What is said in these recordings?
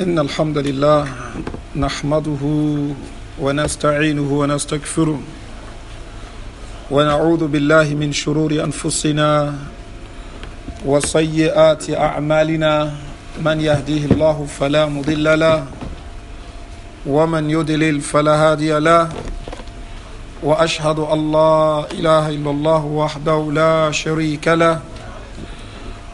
إن الحمد لله نحمده ونستعينه ونستغفره ونعوذ بالله من شرور أنفسنا وسيئات أعمالنا من يهديه الله فلا مضل له ومن يدلل فلا هادي له وأشهد أن لا إله إلا الله وحده لا شريك له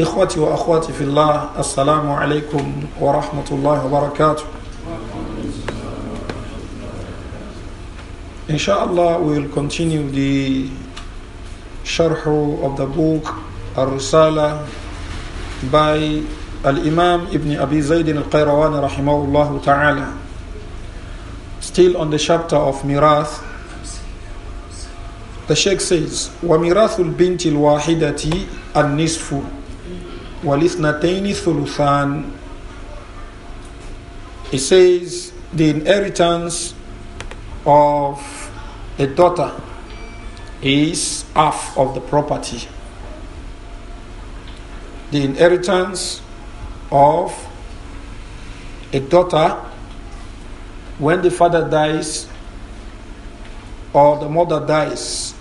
إخوتي وأخواتي في الله السلام عليكم ورحمة الله وبركاته Inshallah we will continue the شرح of the book الرسالة by Al-Imam Ibn Abi القيروان al الله rahimahullah ta'ala Still on the chapter of ميراث The Sheikh says وميراث الْبِنْتِ الْوَاحِدَةِ النِّصْفُ وَلِثْنَتَيْنِ ثُلُثَانِ It says the inheritance of a daughter is half of the property. The inheritance of a daughter when the father dies or the mother dies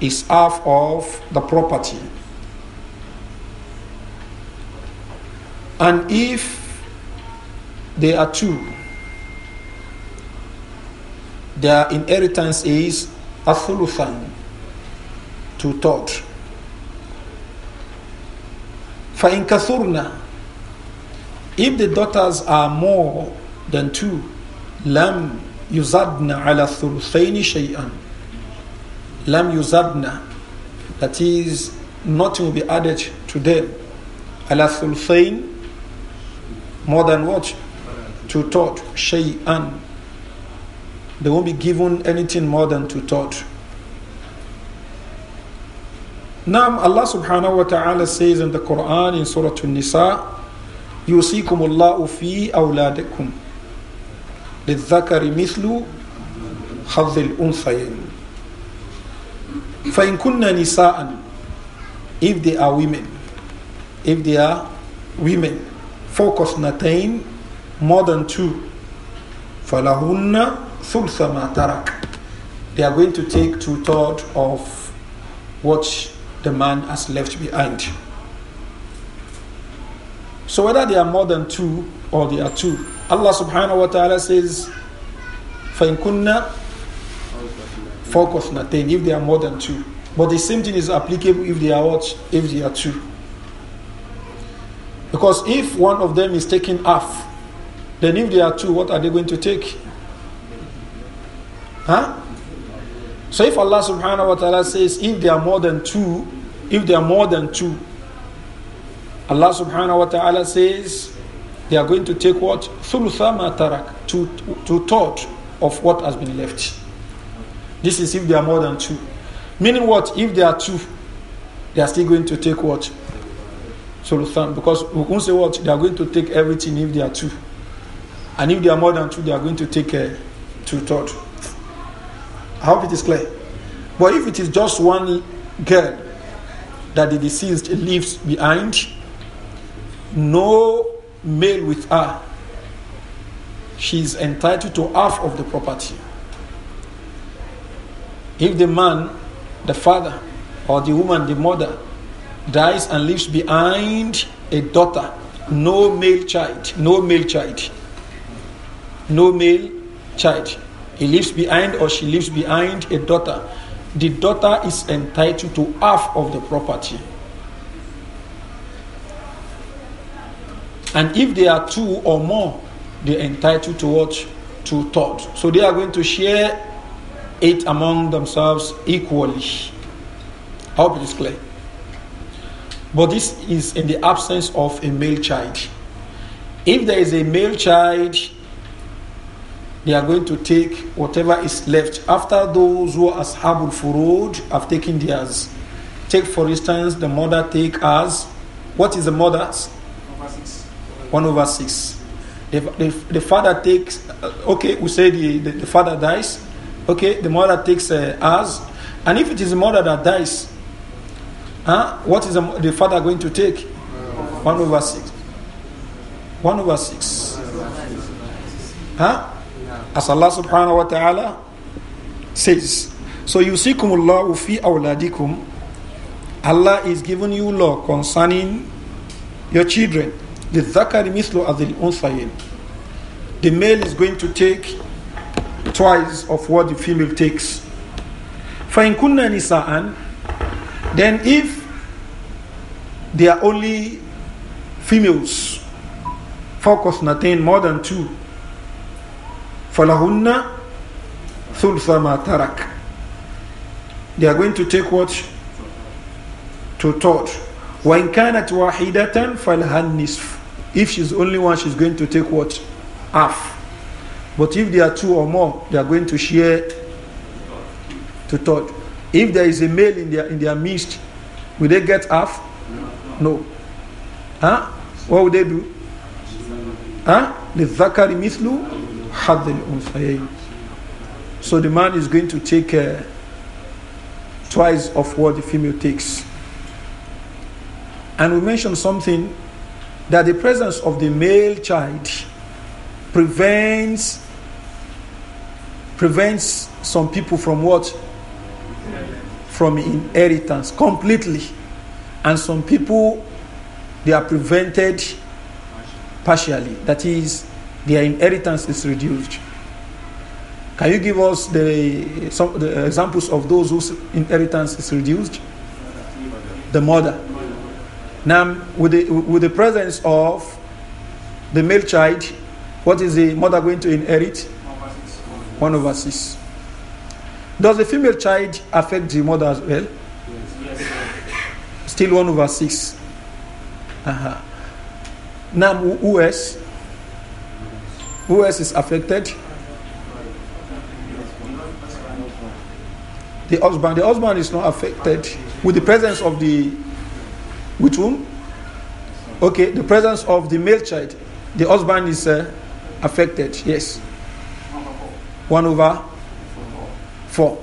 is half of the property. And if they are two, their inheritance is a thuluthan, two in فَإِنْ كَثُرْنَا If the daughters are more than two, yuzadna ala عَلَى الثُّلُثَيْنِ شَيْئًا Lam yuzadna, That is, nothing will be added to them. عَلَى الثُّلُثَيْنِ more than what? To touch shay'an. They won't be given anything more than to touch. Now Allah subhanahu wa ta'ala says in the Quran in Surah An-Nisa, يوصيكم الله في أولادكم للذكر مثل حظ الأنثيين فإن كن نساء if they are women if they are women Focus اثنتين more than two فلهن hunna ما tarak they are going to take two thirds of what the man has left behind so whether they are more than two or they are two Allah subhanahu wa ta'ala says فإن كنا فوق اثنتين if they are more than two but the same thing is applicable if they are what if they are two because if one of them is taking half, then if there are two, what are they going to take? Huh? So if Allah subhanahu wa ta'ala says, if there are more than two, if there are more than two, Allah subhanahu wa ta'ala says, they are going to take what? Thulutha matarak, to two third of what has been left. This is if there are more than two. Meaning what? If there are two, they are still going to take what? Thulutham. Because we can say what? They are going to take everything if they are two. And if they are more than two, they are going to take uh, two third. I hope it is clear. But if it is just one girl that the deceased leaves behind, no male with her, she is entitled to half of the property. If the man, the father, or the woman, the mother, dies and leaves behind a daughter, no male child, no male child, no male child. He leaves behind or she leaves behind a daughter. The daughter is entitled to half of the property. And if there are two or more, they're entitled to what? Two thoughts. So they are going to share it among themselves equally. I hope it is clear. But this is in the absence of a male child. If there is a male child, they are going to take whatever is left after those who are ashabul furud have taken theirs. Take for instance, the mother take as what is the mother's? Over six. One over six. The, the, the father takes, uh, okay, we say the, the, the, father dies, okay, the mother takes uh, as, and if it is the mother that dies, Huh? What is the, the father going to take? 1 over 6. 1 over 6. Huh? As Allah subhanahu wa ta'ala says. So you see, Allah fi awladikum. Allah is giving you law concerning your children. The zakari mislu adil unsayin. The male is going to take twice of what the female takes. فإن كنا نساءً then if they are only females, focus nothing more than two, فَلَهُنَّ ثُلْثَ tarak. They are going to take what? To thought. وَإِنْ كَانَتْ وَاحِدَةً فَلَهَا النِّصْفُ If she's only one, she's going to take what? Half. But if there are two or more, they are going to share to thought. If there is a male in their, in their midst, will they get half? No. Huh? What would they do? Huh? The zakari mithlu the unsayayin. So the man is going to take uh, twice of what the female takes. And we mentioned something that the presence of the male child prevents prevents some people from what from inheritance completely. And some people, they are prevented partially. That is, their inheritance is reduced. Can you give us the, some, the examples of those whose inheritance is reduced? The mother. Now, with the, with the presence of the male child, what is the mother going to inherit? 1 over 6. Does the female child affect the mother as well? Yes. yes Still 1 over 6. Uh-huh. Now, who else? Who else is affected? The husband. The husband is not affected with the presence of the. With whom? Okay, the presence of the male child. The husband is uh, affected, yes. 1 over for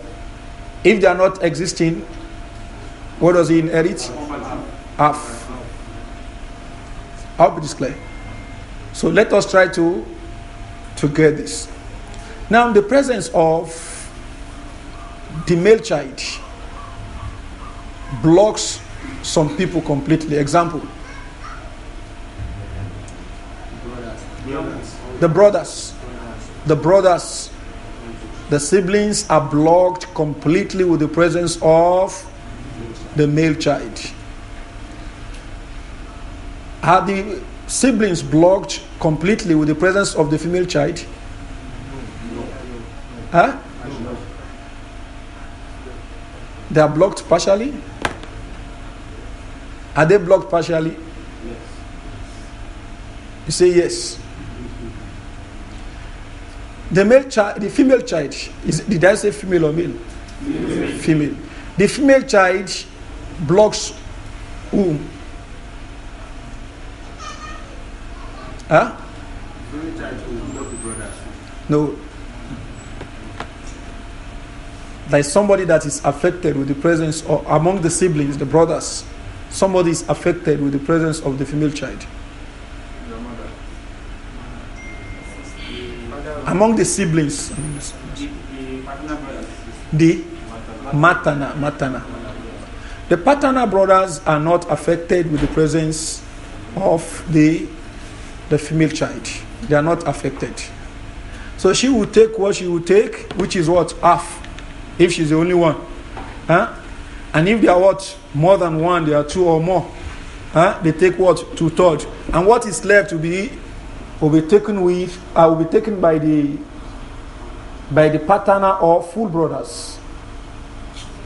if they are not existing, what does he inherit? Half. I hope it is clear. So let us try to, to get this. Now, the presence of the male child blocks some people completely. Example the brothers. The brothers the siblings are blocked completely with the presence of the male child. Are the siblings blocked completely with the presence of the female child? Huh? They are blocked partially? Are they blocked partially? You say yes. The male child, the female child, is, did I say female or male? Female. female. The female child blocks whom? Huh? No. There is somebody that is affected with the presence or among the siblings, the brothers. Somebody is affected with the presence of the female child. among the siblings. The matana, matana. The paternal brothers are not affected with the presence of the, the female child. They are not affected. So she will take what she will take, which is what? Half, if she's the only one. Huh? And if they are what? More than one, there are two or more. Huh? They take what? Two thirds. And what is left to be will be taken with uh, will be taken by the by the partner or full brothers.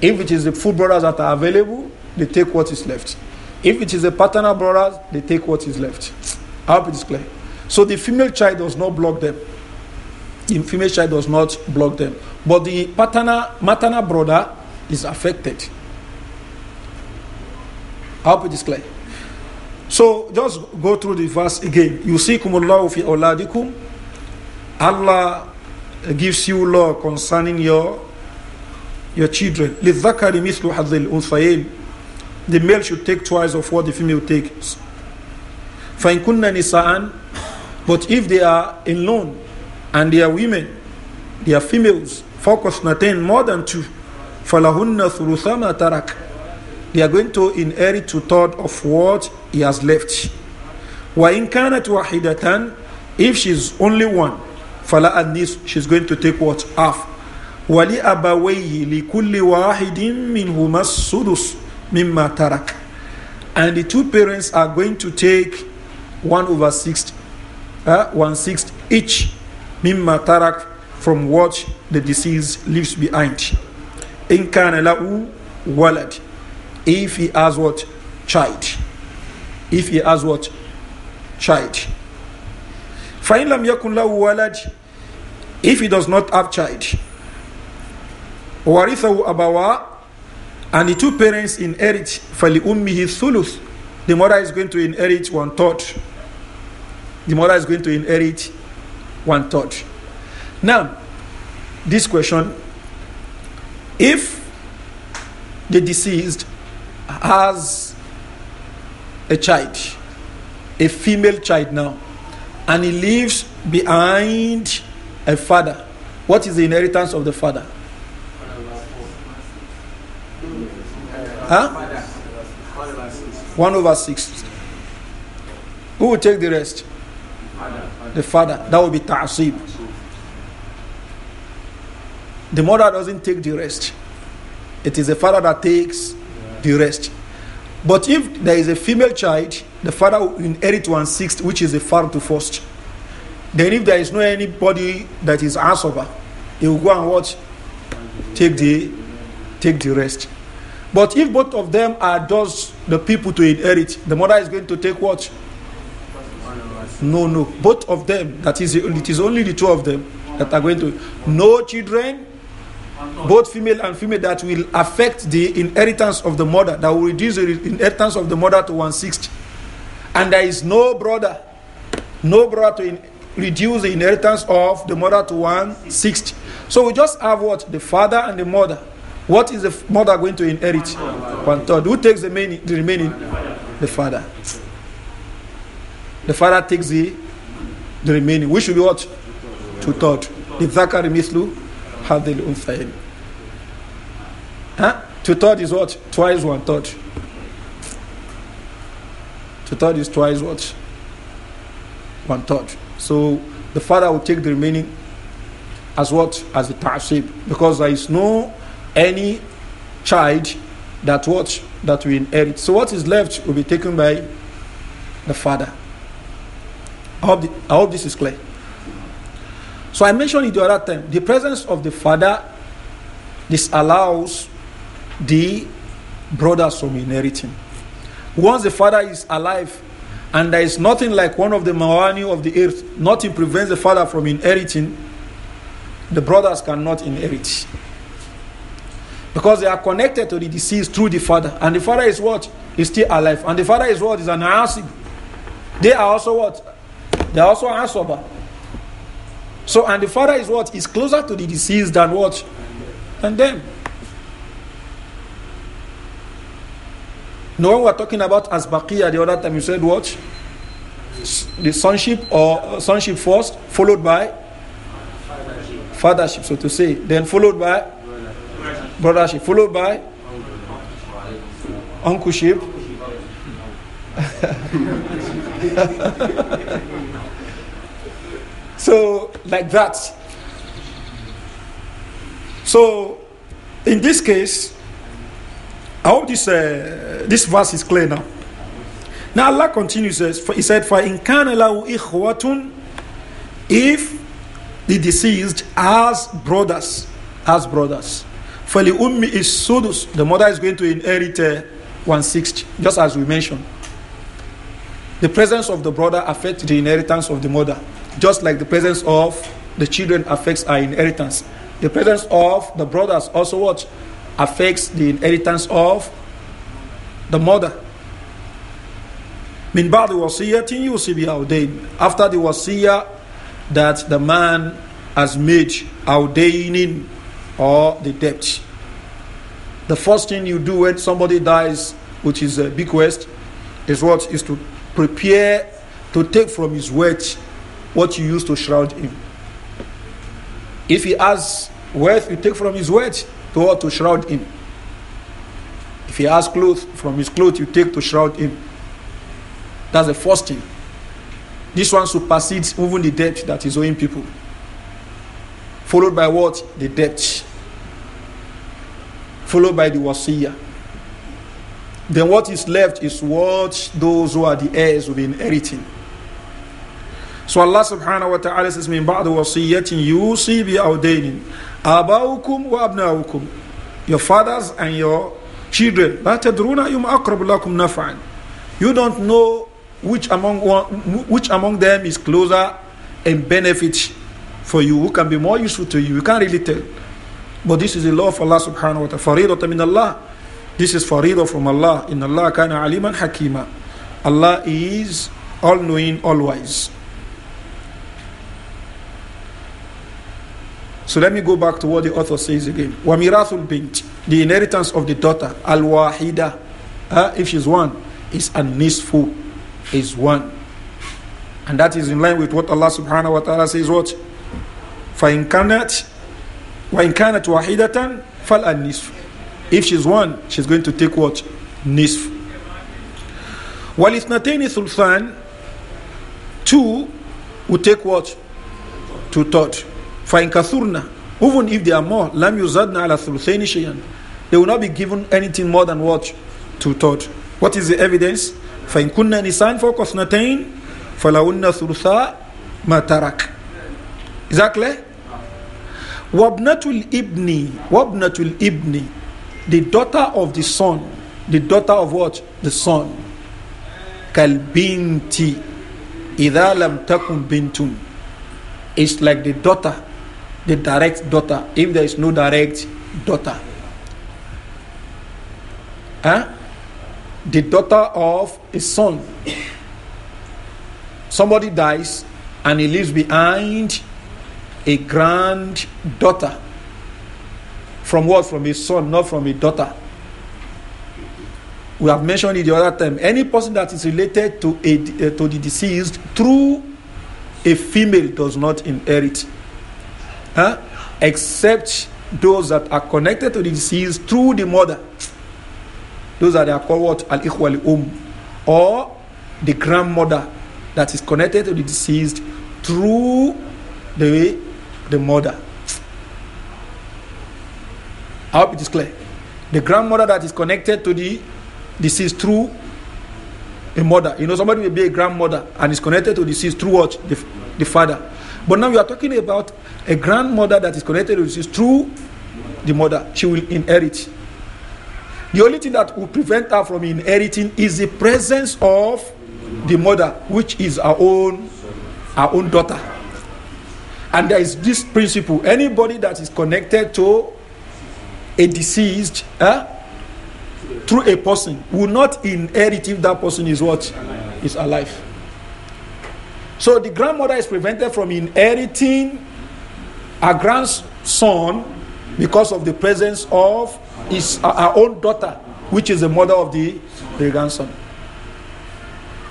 If it is the full brothers that are available, they take what is left. If it is the paternal brothers, they take what is left. I hope it is clear. So the female child does not block them. The female child does not block them. But the paternal, maternal brother is affected. I hope it is clear. So just go through the verse again. You see, Kumullahu fi auladikum. Allah gives you law concerning your your children. مِثْلُ The male should take twice of what the female takes. فَإِنْ كُنَّ نِسَاءً But if they are alone and they are women, they are females, focus natain more than two. فَلَهُنَّ ثُلُثَ مَا they are going to inherit thirds of what he has left. وَإِنْ كَانَتْ hidatan If she's only one, fala النِّسْ She's going to take what? Half. li kulli وَاحِدٍ مِّنْهُمَا sudus مِمَّا تَرَكَ And the two parents are going to take one over six, uh, one sixth each مِمَّا تَرَكَ from what the deceased leaves behind. إِنْ كَانَ لَهُ if he has what? Child. If he has what? Child. فَإِنْ Lam يَكُنْ لَهُ If he does not have child. وَرِثَهُ أَبَوَاهُ And the two parents inherit فَلِأُمِّهِ ثُلُثُ The mother is going to inherit one third. The mother is going to inherit one third. Now, this question if the deceased has a child, a female child now, and he leaves behind a father. What is the inheritance of the father? Huh? One over six. Who will take the rest? The father. That will be ta'asib. The mother doesn't take the rest. It is the father that takes the rest. But if there is a female child, the father will inherit one sixth, which is a far to first. Then, if there is no anybody that is Asoba, he will go and watch, take the, take the rest. But if both of them are just the people to inherit, the mother is going to take what? No, no. Both of them, that is, it is only the two of them that are going to. No children, both female and female that will affect the inheritance of the mother, that will reduce the inheritance of the mother to one sixth. And there is no brother, no brother to in, reduce the inheritance of the mother to one sixth. So we just have what? The father and the mother. What is the mother going to inherit? One third. Who takes the, main, the remaining? The father. The father takes the, the remaining. We should be what? Two third. The zakari mislu hadhil unthayn. Huh? Two third is what? Twice one third. Two third is twice what? One third. So the father will take the remaining as what? As the ta'asib. Because there is no any child that what? That we inherit. So what is left will be taken by the father. I hope, the, I hope this is clear. So I mentioned it the other time. The presence of the father disallows the brothers from inheriting. Once the father is alive, and there is nothing like one of the mawani of the earth, nothing prevents the father from inheriting. The brothers cannot inherit because they are connected to the deceased through the father, and the father is what is still alive, and the father is what is an answer. They are also what they are also asaba. So, and the father is what? Is closer to the deceased than what? Than them. No, we were talking about Asbaqiyah the other time, you said what? The sonship or uh, sonship first, followed by fathership, so to say. Then followed by brothership, followed by uncleship. So, like that. So, in this case, I hope this, uh, this verse is clear now. Now, Allah continues, uh, He said, فَإِنْ كَانَ لَهُ إِخْوَةٌ If the deceased has brothers, has brothers. for the ummi is sudus The mother is going to inherit uh, one-sixth, just as we mentioned. The presence of the brother affects the inheritance of the mother. Just like the presence of the children affects our inheritance. The presence of the brothers also what? Affects the inheritance of the mother. after the wasiya that the man has made ordaining or the debt the first thing you do when somebody dies which is a bequest is what is to prepare to take from his wealth what you use to shroud him. If he has wealth, you take from his wealth to what to shroud him. If he has clothes, from his clothes you take to shroud him. That's the first thing. This one supersedes even the debt that is owing people. Followed by what? The debt. Followed by the wasiya. Then what is left is what those who are the heirs will be inheriting. So Allah subhanahu wa ta'ala says, "Min ba'd wasiyatin yusi bi awdainin abaukum wa abnaukum." Your fathers and your children. La You don't know which among which among them is closer and benefit for you, who can be more useful to you. You can't really tell. But this is the law of Allah subhanahu wa ta'ala. Faridah min Allah. This is faridah from Allah. In Allah kana aliman hakima. Allah is all knowing, all wise. So let me go back to what the author says again. وَمِرَاثُ bint, The inheritance of the daughter, al-wahida, uh, if she's one, is an nisfu, is one. And that is in line with what Allah subhanahu wa ta'ala says what? فَإِنْ كَانَتْ وَإِنْ كَانَتْ وَاحِدَةً فَالْأَنِّسْفُ If she's one, she's going to take what? Nisf. وَالْإِثْنَتَيْنِ ثُلْثَانِ Two will take what? Two thirds in kathurna, even if there are more, lam yuzadna ala thuluthaini They will not be given anything more than what to touch. What is the evidence? Fa in kunna nisan fa kathnatain fa launna thulutha ma tarak. Is that clear? Wabnatul ibni, wabnatul ibni, the daughter of the son, the daughter of what? The son. Kalbinti. إذا لم bintun. It's like the daughter the direct daughter if there is no direct daughter. Huh? The daughter of a son. Somebody dies and he leaves behind a granddaughter. From what? From his son, not from a daughter. We have mentioned it the other time. Any person that is related to, a, uh, to the deceased through a female does not inherit huh? except those that are connected to the disease through the mother. Those are are called what? Al ikhwal um, or the grandmother that is connected to the deceased through the the mother. I hope it is clear. The grandmother that is connected to the deceased through a mother. You know, somebody may be a grandmother and is connected to the deceased through what? The, the father. But now you are talking about a grandmother that is connected with this through the mother. She will inherit. The only thing that will prevent her from inheriting is the presence of the mother, which is our own, her own daughter. And there is this principle anybody that is connected to a deceased eh, through a person will not inherit if that person is what? Is alive. So the grandmother is prevented from inheriting her grandson because of the presence of his, her own daughter, which is the mother of the, the grandson.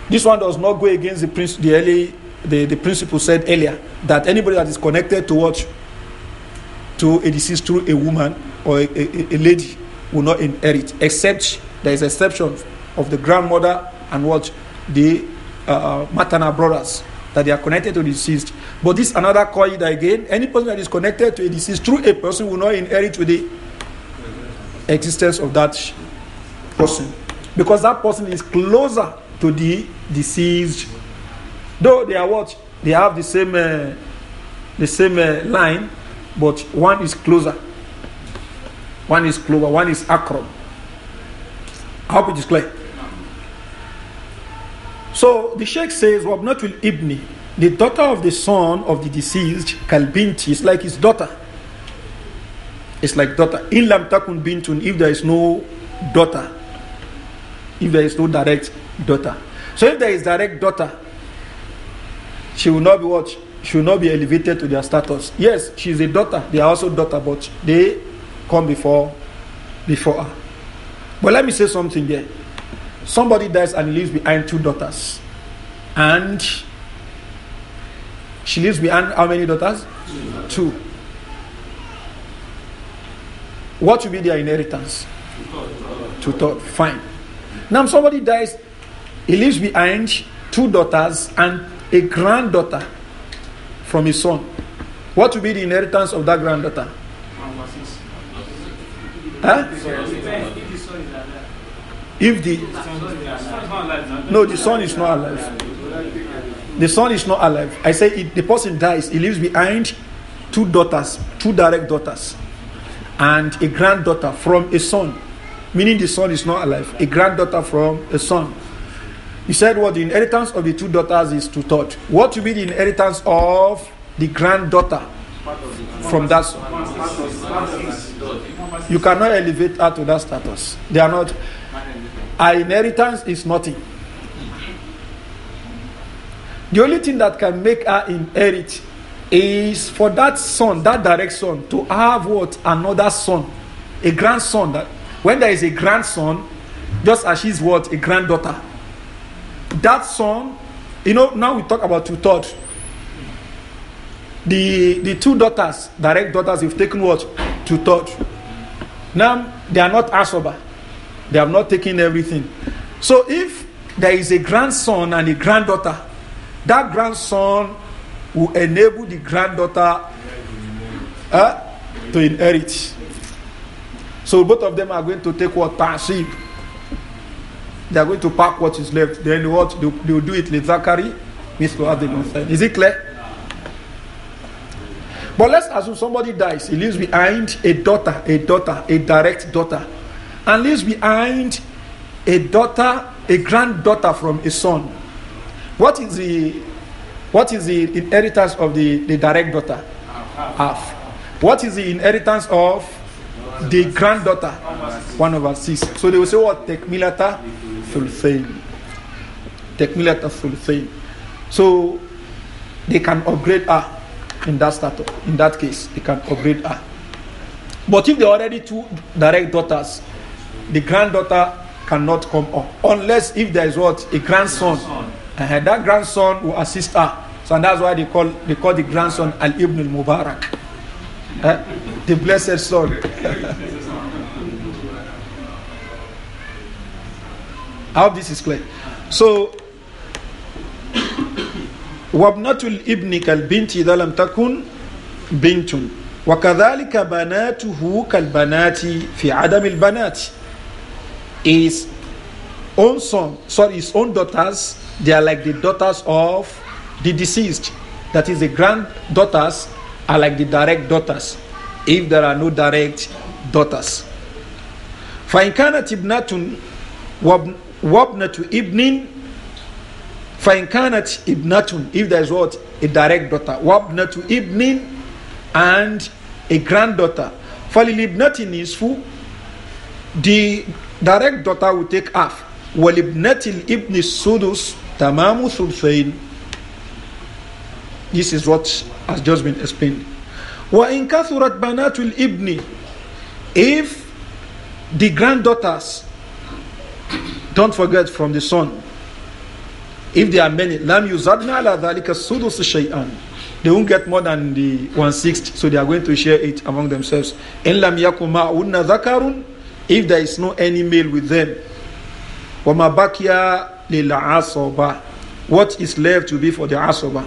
This one does not go against the, the, early, the, the principle said earlier that anybody that is connected to what to a disease through a woman or a, a, a lady will not inherit, except there is exception of the grandmother and what the uh, uh maternal brothers that they are connected to the deceased. But this another qaida again. Any person that is connected to a deceased through a person will not inherit with the existence of that person. Because that person is closer to the deceased. Though they are what? They have the same, uh, the same uh, line, but one is closer. One is closer, one is acrom. I hope it is clear. So the Sheikh says, Wabnatul Ibni, the daughter of the son of the deceased, Kalbinti, is like his daughter. It's like daughter. Lam takun bintun, if there is no daughter, if there is no direct daughter. So if there is direct daughter, she will not be what? She will not be elevated to their status. Yes, she is a daughter. They are also daughter, but they come before before her. But let me say something there somebody dies and leaves behind two daughters. And she leaves behind how many daughters? Two. What will be their inheritance? Two thirds. Fine. Now somebody dies, he leaves behind two daughters and a granddaughter from his son. What will be the inheritance of that granddaughter? Huh? If the no, the son is not alive. The son is not alive. I say the person dies. He leaves behind two daughters, two direct daughters, and a granddaughter from a son. Meaning the son is not alive. A granddaughter from a son. He said, "What the inheritance of the two daughters is to thought? What will be the inheritance of the granddaughter from that son? You cannot elevate her to that status. They are not." Our inheritance is nothing. The only thing that can make her inherit is for that son, that direct son, to have what? Another son, a grandson. That when there is a grandson, just as she's what? A granddaughter. That son, you know, now we talk about two daughters. The, the two daughters, direct daughters, have taken what? Two touch. Now they are not Asoba they have not taken everything. So if there is a grandson and a granddaughter, that grandson will enable the granddaughter uh, to inherit. So both of them are going to take what partnership. They are going to pack what is left. Then what they will do it with Zachary, Mr. Is it clear? But let's assume somebody dies, he leaves behind a daughter, a daughter, a direct daughter and leaves behind a daughter, a granddaughter from a son. What is the what is the inheritance of the, the direct daughter? Half. What is the inheritance of the granddaughter? One over six. So they will say what tekmilata fulfilled. Tekmilata fulfilled. So they can upgrade her in that startup. In that case, they can upgrade her. But if they already two direct daughters, the granddaughter cannot come up unless if there is what a grandson, and uh-huh. that grandson will assist her so that's why they call they call the grandson al ibn al mubarak uh, the blessed son i hope this is clear so وابنة الابن كالبنت إذا لم تكن بنت وكذلك بناته كالبنات في عدم البنات his own son, sorry, his own daughters, they are like the daughters of the deceased. That is, the granddaughters are like the direct daughters, if there are no direct daughters. فإن كانت ابنة وابنة ابن فإن ابنة if there is what a direct daughter وابنة ابن and a granddaughter فللابنة نصف the direct daughter will take half. وَلِبْنَةِ الْإِبْنِ sudus tamamu ثُلْثَيْنِ This is what has just been explained. وَإِنْ كَثُرَتْ بَنَاتُ ibni. If the granddaughters, don't forget from the son, if there are many, lam yuzadna عَلَى ذَلِكَ sudus شَيْئًا They won't get more than the one-sixth, so they are going to share it among themselves. إِنْ لَمْ يَكُمْ مَعُنَّ ذَكَرٌ if there is no any male with them what is left to be for the asoba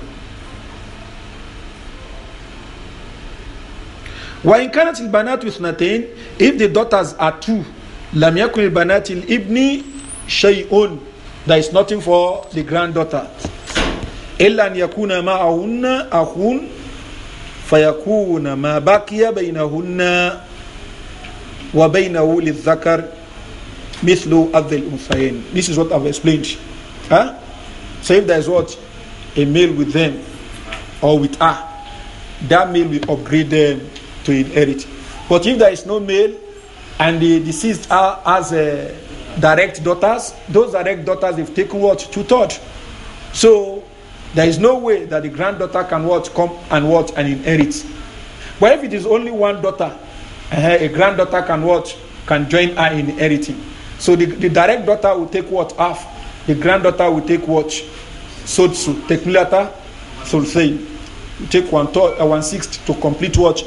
Why in the il Banat with Natain, if the daughters are two, Lam Yakun il Banat il Ibni Shayun, there is nothing for the granddaughter. Ella Yakuna ma ahun, Fayakuna ma bakia bainahunna وَبَيْنَهُ لِلذَّكَرِ مِثْلُ أَذِّ الْأُنْثَيَيْنِ This is what I've explained. Huh? So if there is what? A male with them or with her, that male will upgrade them to inherit. But if there is no male and the deceased are as a eh, direct daughters, those direct daughters have taken what? to touch. So there is no way that the granddaughter can what come and what and inherit. But if it is only one daughter, uh, a granddaughter can watch, can join her in inheriting. So the, the direct daughter will take what? Half. The granddaughter will take what? to Take later, solsein. take one third, uh, one sixth to complete what?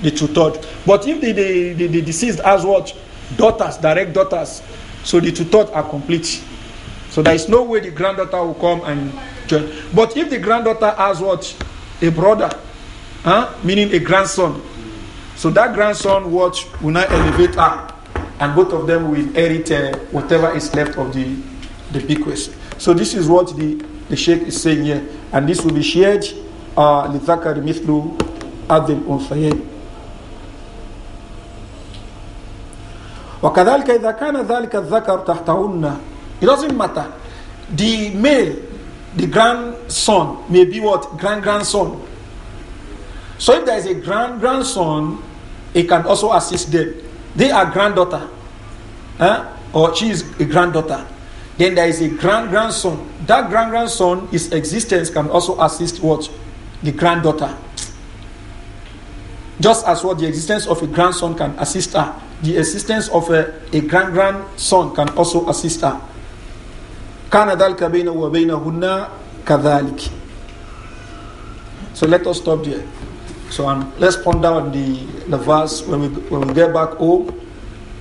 The two third. But if the, the, the, the deceased has what? Daughters, direct daughters. So the two third are complete. So there is no way the granddaughter will come and join. But if the granddaughter has what? A brother, huh? meaning a grandson, so that grandson watch will now elevate up, and both of them will inherit uh, whatever is left of the, the bequest. So this is what the, the sheikh is saying here, and this will be shared uh, لذكر مثل أذي الأنثيين وكذلك إذا كان ذلك الذكر تحتهن it doesn't matter the male the grandson may be what grand grandson so if there is a grand grandson, he can also assist them. They are granddaughter, huh? or she is a granddaughter. Then there is a grand grandson. That grand grandson, his existence can also assist what the granddaughter. Just as what the existence of a grandson can assist her, the existence of a, a grand grandson can also assist her. So let us stop there. So um, let's ponder the, the verse when we, when we get back home.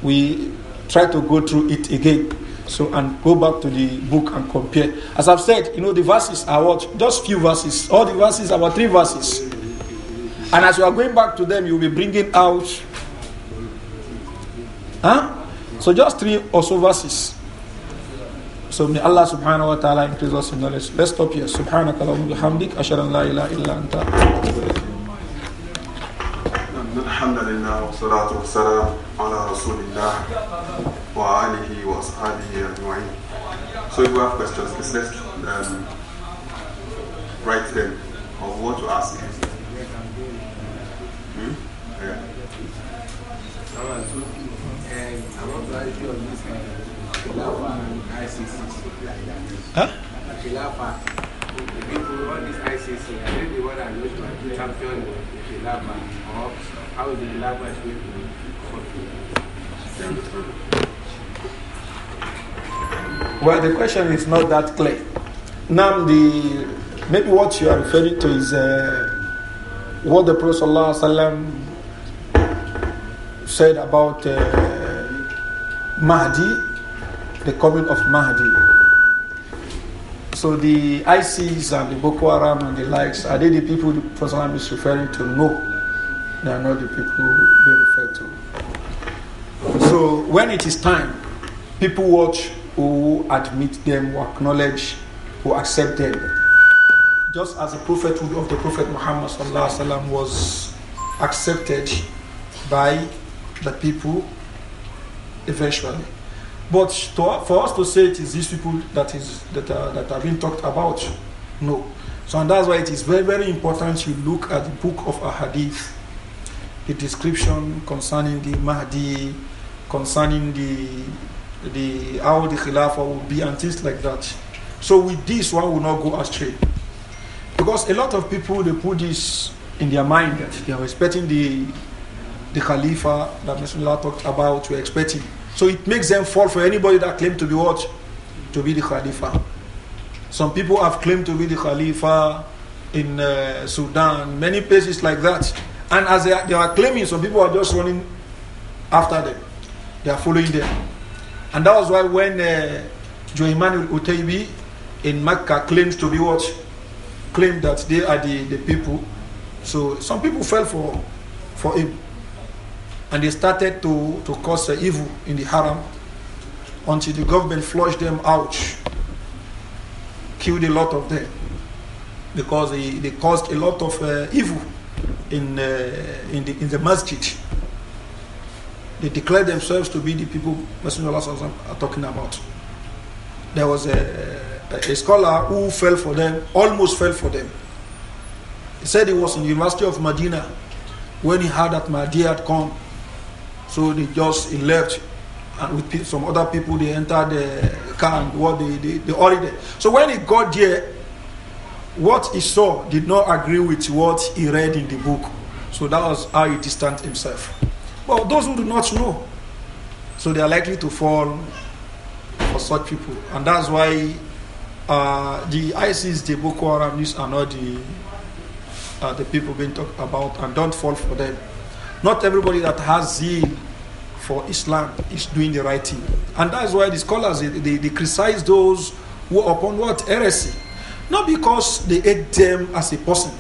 We try to go through it again. So and go back to the book and compare. As I've said, you know the verses are what just few verses. All the verses are about three verses. And as you are going back to them, you'll be bringing out, huh? So just three or so verses. So may Allah subhanahu wa ta'ala increase us in knowledge. Let's stop here. Subhanaka Allahumma bihamdik. Ashadan la ilaha illa anta. الحمد لله والصلاة والسلام على رسول الله وآله وأصحابه أجمعين. So if you have questions, let's, let's um, write them of what to ask. Hmm? Yeah. Huh? people, all ICC, I think the one I to champion the or how the is going to Well, the question is not that clear. Now, the maybe what you are referring to is uh, what the Prophet ﷺ said about uh, Mahdi, the coming of Mahdi. So the ICs and the Boko Haram and the likes, are they the people the Prophet is referring to? No, they are not the people being referred to. So when it is time, people watch who admit them, who acknowledge, who accept them. Just as the prophethood of the Prophet Muhammad sallam, was accepted by the people eventually. But to, for us to say it is these people that is that are, that are being talked about, no. So and that's why it is very very important you look at the book of Ahadith, the description concerning the Mahdi, concerning the the how the Khilafah will be and things like that. So with this one will not go astray, because a lot of people they put this in their mind that they are expecting the the Khalifa that Messenger talked about. We're expecting. So it makes them fall for anybody that claims to be what? To be the Khalifa. Some people have claimed to be the Khalifa in uh, Sudan, many places like that. And as they are, they are claiming, some people are just running after them. They are following them. And that was why when uh, Joiman in Mecca claims to be what? Claimed that they are the, the people. So some people fell for, for him and they started to, to cause evil in the haram until the government flushed them out, killed a lot of them because they, they caused a lot of uh, evil in, uh, in, the, in the masjid. They declared themselves to be the people Messenger of Allah are talking about. There was a, a scholar who fell for them, almost fell for them. He said he was in the University of Medina when he heard that Mahdi had come so they just left, and with some other people, they entered the camp, what they, they, they already. So when he got there, what he saw did not agree with what he read in the book. So that was how he distanced himself. But those who do not know, so they are likely to fall for such people. And that's why uh, the ISIS, the Boko Haram, these are not the, uh, the people being talked about, and don't fall for them. Not everybody that has zeal for Islam is doing the right thing. And that is why the scholars, they, they, they criticize those who are upon what? Heresy. Not because they hate them as a person,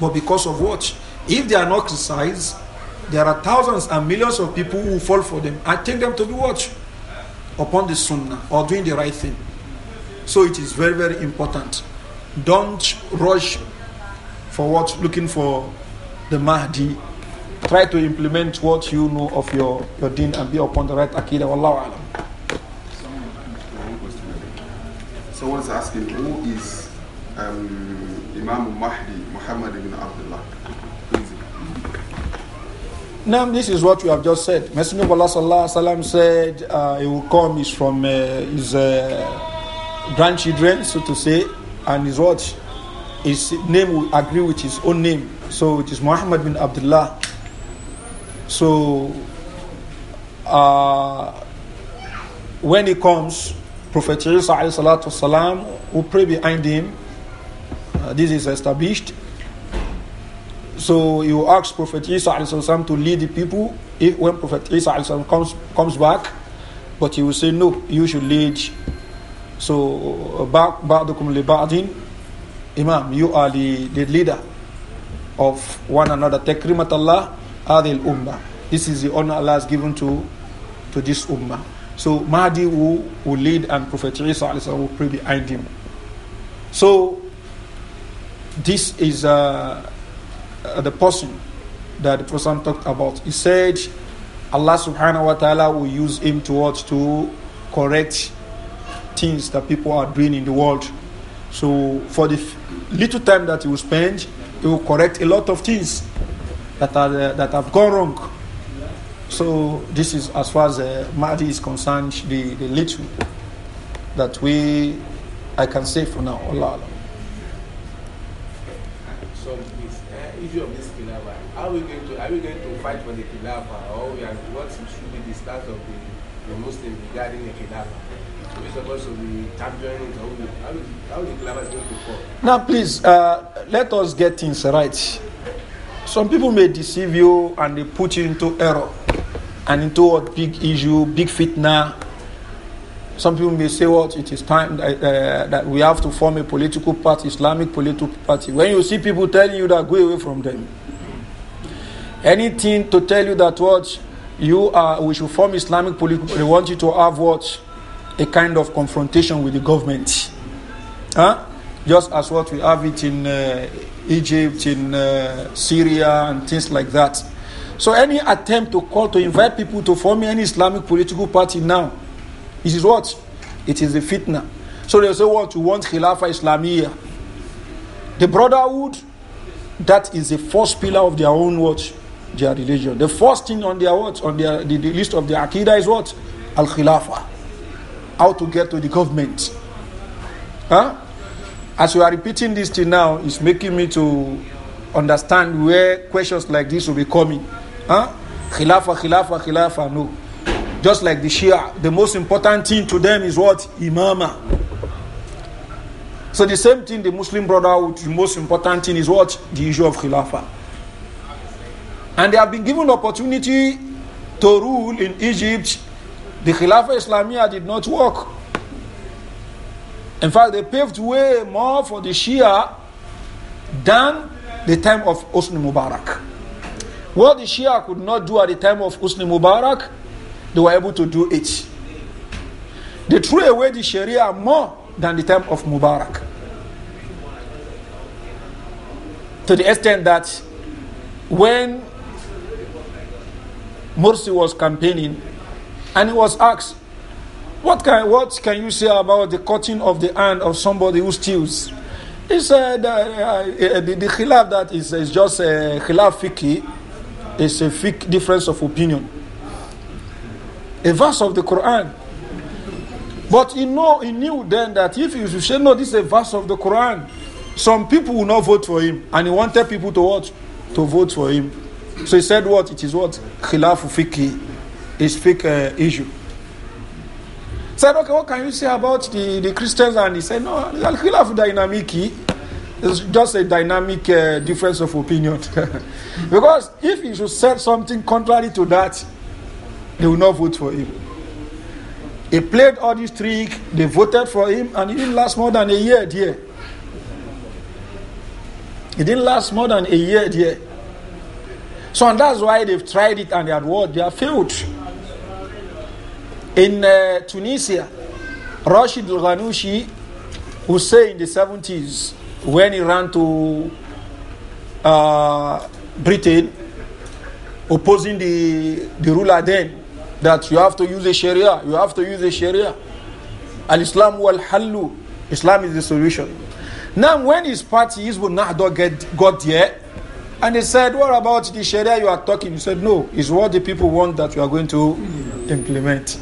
but because of what? If they are not criticized, there are thousands and millions of people who fall for them I take them to be what? Upon the sunnah or doing the right thing. So it is very, very important. Don't rush for what? Looking for the Mahdi Try to implement what you know of your, your deen and be upon the right Akida, Wallahu alam. Someone's asking, who is um, Imam Mahdi Muhammad ibn Abdullah? Now, this is what we have just said. Messenger of Allah sallam, said uh, he will come is from uh, his uh, grandchildren, so to say, and his what? His name will agree with his own name. So it is Muhammad bin Abdullah. So, uh, when he comes, Prophet Isa Salam will pray behind him. Uh, this is established. So you ask Prophet Isa Salam to lead the people if, when Prophet Isa comes, comes back, but he will say, No, you should lead. So, Imam, you are the, the leader of one another. Allah Adil Ummah. This is the honor Allah has given to, to this Ummah. So Mahdi will, will lead and Prophet Isa will pray behind him. So this is uh, uh, the person that the Prophet talked about. He said Allah subhanahu wa ta'ala will use him towards to correct things that people are doing in the world. So for the little time that he will spend, he will correct a lot of things that, are, uh, that have gone wrong. So this is as far as uh, Mahdi is concerned, the, the little that we, I can say for now, Allah. So this uh, eh, issue of this Khilafah, are we going to, are we going to fight for the Khilafah or we are, what should be the start of the, the Muslim regarding the Khilafah? we supposed to be championing how, how, how the Khilafah is going to fall. Now please, uh, let us get things right some people may deceive you and they put you into error and into a big issue, big fitna. Some people may say, What, well, it is time that, uh, that, we have to form a political party, Islamic political party. When you see people telling you that, go away from them. Anything to tell you that what you are, we should form Islamic political, they want you to have what? A kind of confrontation with the government. Huh? Just as what we have it in. Uh, Egypt, in uh, Syria, and things like that. So any attempt to call to invite people to form any Islamic political party now, it is what? It is a fitna. So they say what you want Khilafah Islamiyah. The brotherhood, that is the first pillar of their own what? Their religion. The first thing on their what? On their the, the list of the Aqidah is what? Al Khilafah. How to get to the government. Huh? As you are repeating this thing now, it's making me to understand where questions like this will be coming. Huh? Khilafa, khilafa, khilafa, no. Just like the Shia, the most important thing to them is what? Imama. So the same thing, the Muslim Brotherhood, the most important thing is what? The issue of khilafa. And they have been given opportunity to rule in Egypt. The khilafa islamia did not work. In fact, they paved way more for the Shia than the time of Hosni Mubarak. What the Shia could not do at the time of Hosni Mubarak, they were able to do it. They threw away the Sharia more than the time of Mubarak. To the extent that when Morsi was campaigning and he was asked, what can, what can you say about the cutting of the hand of somebody who steals? He said uh, uh, uh the, the khilaf that is, is just a uh, khilaf fiqh, it's a fiqh difference of opinion. A verse of the Quran. But he, know, he knew then that if you should say, no, this is a verse of the Quran, some people will not vote for him. And he wanted people to what? To vote for him. So he said what? It is what? Khilaf fiqh is fiqh uh, issue said, okay, what can you say about the, the Christians? And he said, no, Al Khilaf dynamic. Eh? It's just a dynamic uh, difference of opinion. because if he should say something contrary to that, they will not vote for him. He played all these tricks, they voted for him, and it didn't last more than a year Here, It didn't last more than a year Here, So and that's why they've tried it and they had what? They have failed. In uh, Tunisia, Rashid Al Ghanouchi, who say in the 70s when he ran to uh, Britain, opposing the, the ruler then, that you have to use the Sharia, you have to use the Sharia. Al Islam wal Hallu, Islam is the solution. Now, when his party, not get got there, and they said, What about the Sharia you are talking? You said, No, it's what the people want that you are going to implement.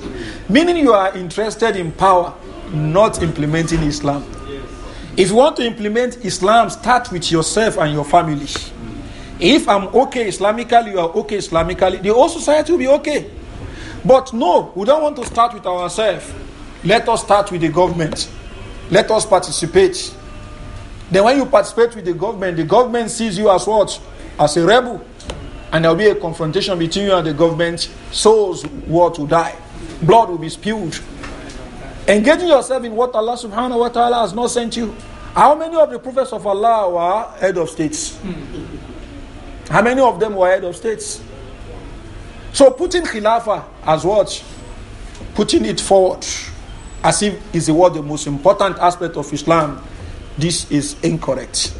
Meaning you are interested in power, not implementing Islam. If you want to implement Islam, start with yourself and your family. If I'm okay Islamically, you are okay Islamically, the whole society will be okay. But no, we don't want to start with ourselves. Let us start with the government. Let us participate. Then when you participate with the government, the government sees you as what? As a rebel. And there'll be a confrontation between you and the government. Souls were to die. Blood will be spewed. Engaging yourself in what Allah subhanahu wa ta'ala has not sent you. How many of the prophets of Allah were head of states? How many of them were head of states? So putting Khilafah as what? Putting it forward as if is what the most important aspect of Islam this is incorrect.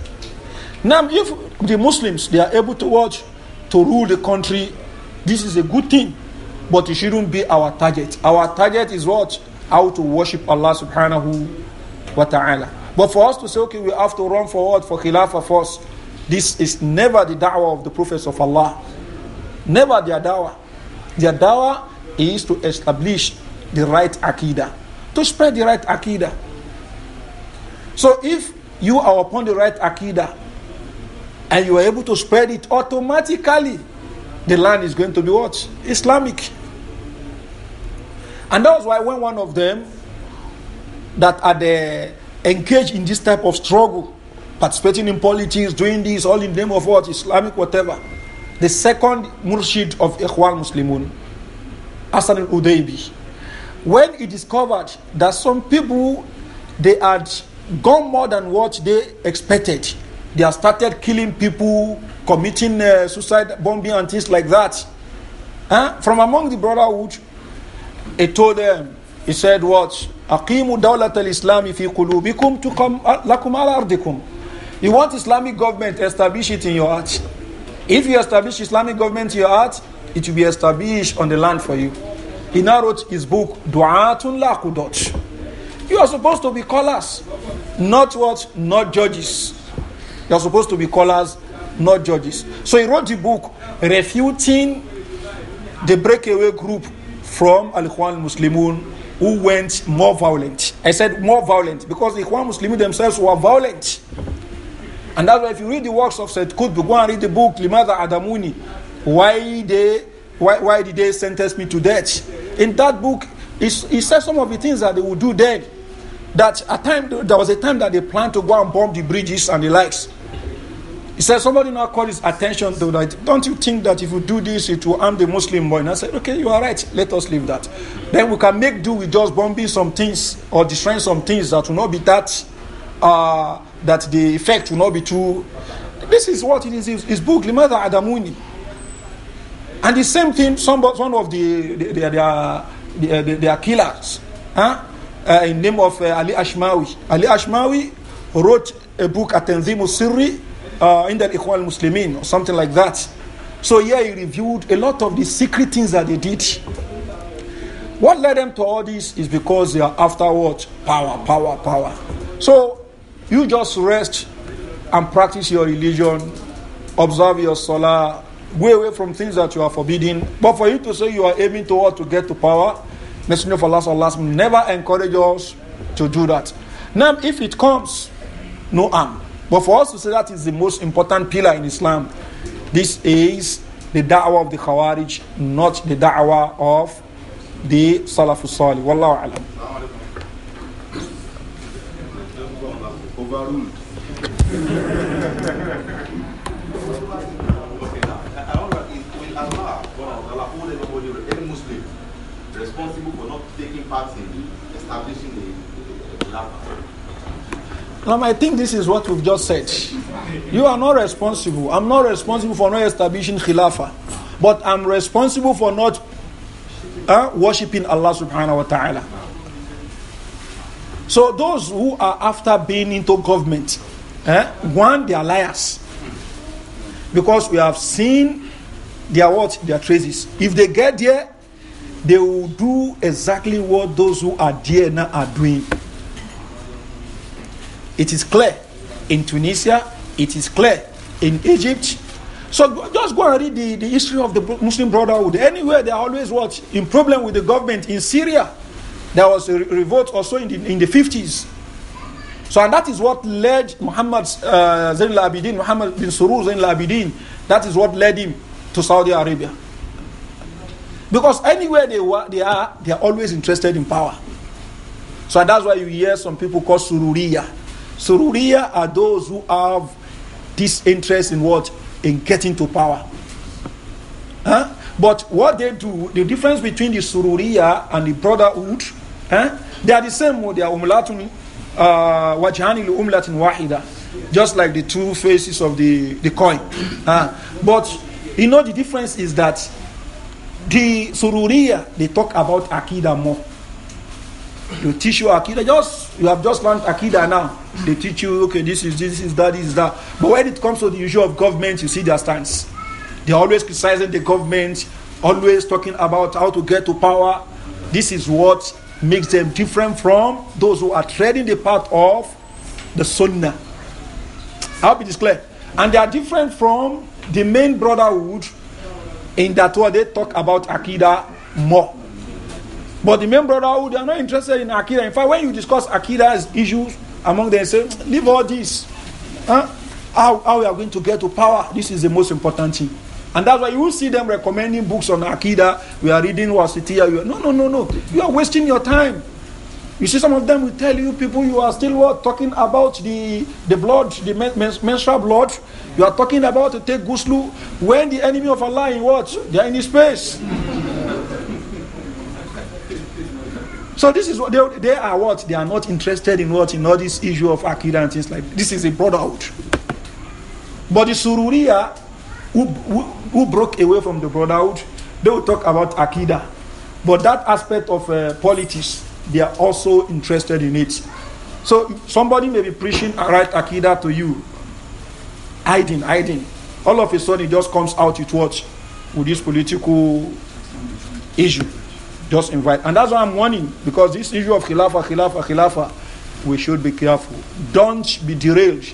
Now, if the Muslims they are able to watch to rule the country, this is a good thing, but it shouldn't be our target. Our target is what? How to worship Allah subhanahu wa ta'ala. But for us to say, okay, we have to run forward for Khilafah first, this is never the da'wah of the prophets of Allah. Never their da'wah. Their da'wah is to establish the right akida, to spread the right akidah. So if you are upon the right akida and you are able to spread it automatically, the land is going to be what? Islamic. And that was why when one of them that are engaged in this type of struggle, participating in politics, doing this, all in the name of what? Islamic, whatever. The second Murshid of Ikhwan Muslimun, Hassan al Udaybi, when he discovered that some people they had gone more than what they expected. They have started killing people, committing uh, suicide bombing and things like that. Huh? From among the brotherhood, he told them, he said, What? Aqimu dawlat al Islam fi to tuqam uh, lakum al ardikum. You want Islamic government, establish it in your heart. If you establish Islamic government in your heart, it will be established on the land for you. He now wrote his book, Du'atun Lakudot. You are supposed to be callers, not what? Not judges. You are supposed to be callers, not judges. So he wrote the book refuting the breakaway group from Al Ikhwan Muslimun who went more violent. I said more violent because the Ikhwan Muslimun themselves were violent. And that's why if you read the works of Said Qutb, go and read the book Limada Adamuni, why they why, why did they sentence me to death? In that book, he said some of the things that they would do then that a time there was a time that they planned to go and bomb the bridges and the likes. He said somebody now called his attention to that. Don't you think that if you do this, it will harm the Muslim boy? And I said, okay, you are right. Let us leave that. Then we can make do with just bombing some things or destroying some things that will not be that uh, that the effect will not be too. This is what it is. His book, Limada Adamuni. And the same thing, some, one of the, the, the, their, their, their killers, huh? uh, in name of uh, Ali Ashmawi. Ali Ashmawi wrote a book, Atenzimu Sirri, uh, in the Ikhwan Muslimin, or something like that. So here he reviewed a lot of the secret things that they did. What led them to all this is because they are afterwards power, power, power. So you just rest and practice your religion, observe your salah, go away from things that you are forbidden. But for you to say you are aiming toward to get to power, Messenger of Allah Allah never encourage us to do that. Now, if it comes, no harm. But for us to say that is the most important pillar in Islam, this is the da'wah of the Khawarij, not the da'wah of the Salafus Salih. Wallahu alam. Overruled. part in establishing I think this is what we've just said. You are not responsible. I'm not responsible for not establishing khilafah. But I'm responsible for not uh, worshipping Allah subhanahu wa ta'ala. So those who are after being into government, eh, one, they are liars. Because we have seen their what? Their traces. If they get there, they will do exactly what those who are there now are doing. It is clear in Tunisia, it is clear in Egypt. So just go and read the, the history of the Muslim Brotherhood. Anywhere they are always what? In problem with the government. In Syria, there was a revolt also in the, in the 50s. So and that is what led Muhammad uh, Zain al-Abidin, Muhammad bin Surur Zain al-Abidin, that is what led him to Saudi Arabia. Because anywhere they, they are, they are always interested in power. So that's why you hear some people call sururiya. Sururiya are those who have this interest in what? In getting to power. Huh? But what they do, the difference between the sururiya and the brotherhood, huh? they are the same. Oh, they are umlatun uh, wajhani umlatin wahida. Just like the two faces of the, the coin. Huh? But you know the difference is that the Sururiya, they talk about Akida more. They teach you Akida. Just you have just learned Akida now. They teach you, okay, this is this is that, this is that. But when it comes to the issue of government, you see their stance. They're always criticizing the government, always talking about how to get to power. This is what makes them different from those who are treading the path of the Sunnah. I'll be this clear. And they are different from the main brotherhood in that what they talk about Akida more. But the main brotherhood, they are not interested in Akida. In fact, when you discuss Akida's issues among them, say, leave all this. Huh? How, how we are going to get to power, this is the most important thing. And that's why you will see them recommending books on Akida. We are reading Wasitiya. no, no, no, no. You are wasting your time. You see, some of them will tell you people you are still what, talking about the, the blood, the menstrual blood. You are talking about to take ghusl when the enemy of Allah in what? They are in his space. So this is what they, they, are what they are not interested in what in all this issue of akida and things like this is a brotherhood. But the Sururiya who, who, who, broke away from the brotherhood, they will talk about akida, but that aspect of uh, politics they are also interested in it. So somebody may be preaching right akida to you, hiding, hiding. All of a sudden, it just comes out with what? With this political issue. Just invite. And that's why I'm warning, because this issue of khilafa, khilafa, khilafa, we should be careful. Don't be derailed.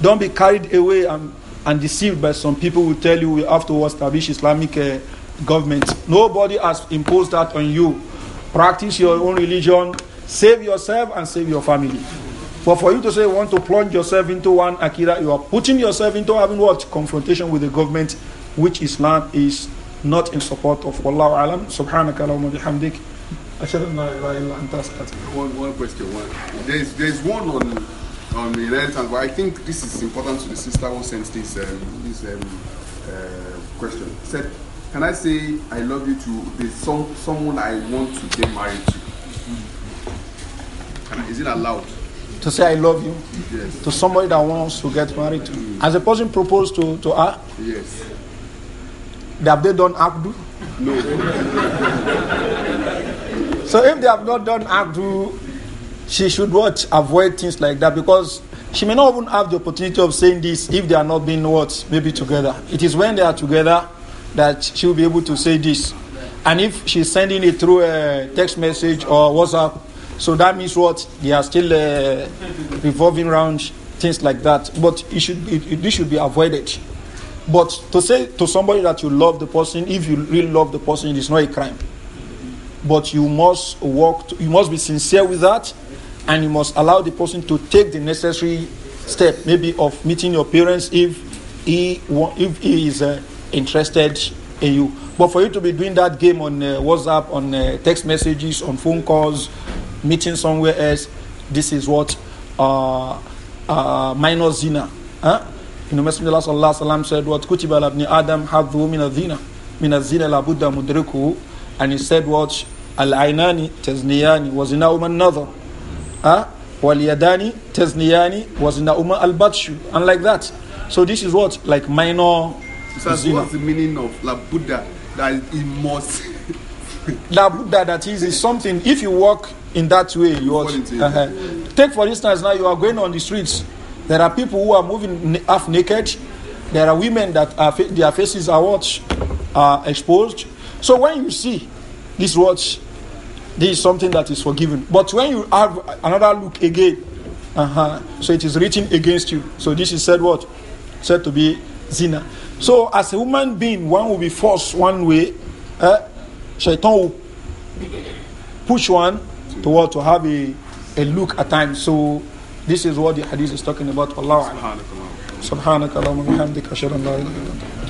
Don't be carried away and, and deceived by some people who tell you we have to establish Islamic uh, government. Nobody has imposed that on you. Practice your own religion, save yourself, and save your family. But for you to say you want to plunge yourself into one akira, you are putting yourself into having what? Confrontation with the government, which Islam is not in support of. Wallahu alam. Subhanaka Allahumma bihamdik. One, one question. One. There's, there's one on on the inheritance, but I think this is important to the sister who sent this um, this um, uh, question. Said, can I say I love you to the some, someone I want to get married to? Can I, is it allowed? to say I love you yes. to somebody that wants to get married to. Mm. Has a person proposed to, to her? Yes. Have they done Abdu? No. so if they have not done Abdu, she should what avoid things like that because she may not even have the opportunity of saying this if they are not being what maybe together. It is when they are together that she will be able to say this. And if she's sending it through a text message or WhatsApp, so that means what? They are still uh, revolving around things like that. But it should it, it, this should be avoided. But to say to somebody that you love the person, if you really love the person, it is not a crime. But you must walk, To, you must be sincere with that, and you must allow the person to take the necessary step, maybe of meeting your parents if he if he is uh, interested in you. But for you to be doing that game on uh, WhatsApp, on uh, text messages, on phone calls, meeting somewhere else. This is what uh, uh, minor zina. Huh? You know, Messenger of Allah said, What kutiba labni Adam hadhu min zina. Min zina labudda mudriku. And he said, What? Al ainani tazniyani wa zina another. Huh? Waliyadani in a woman al batshu. And like that. So this is what? Like minor. zina. what's the meaning of labuda? That it must. labuda, that is, is something. If you walk in that way you ought uh-huh. take for instance now you are going on the streets there are people who are moving half naked there are women that are their faces are what are exposed so when you see this watch this is something that is forgiven but when you have another look again uh-huh, so it is written against you so this is said what said to be zina so as a human being one will be forced one way uh, shaitan will push one to what to have a, a look at times. So this is what the hadith is talking about. Allah. Subhanaka Allahumma ashhadu an la ilaha illa anta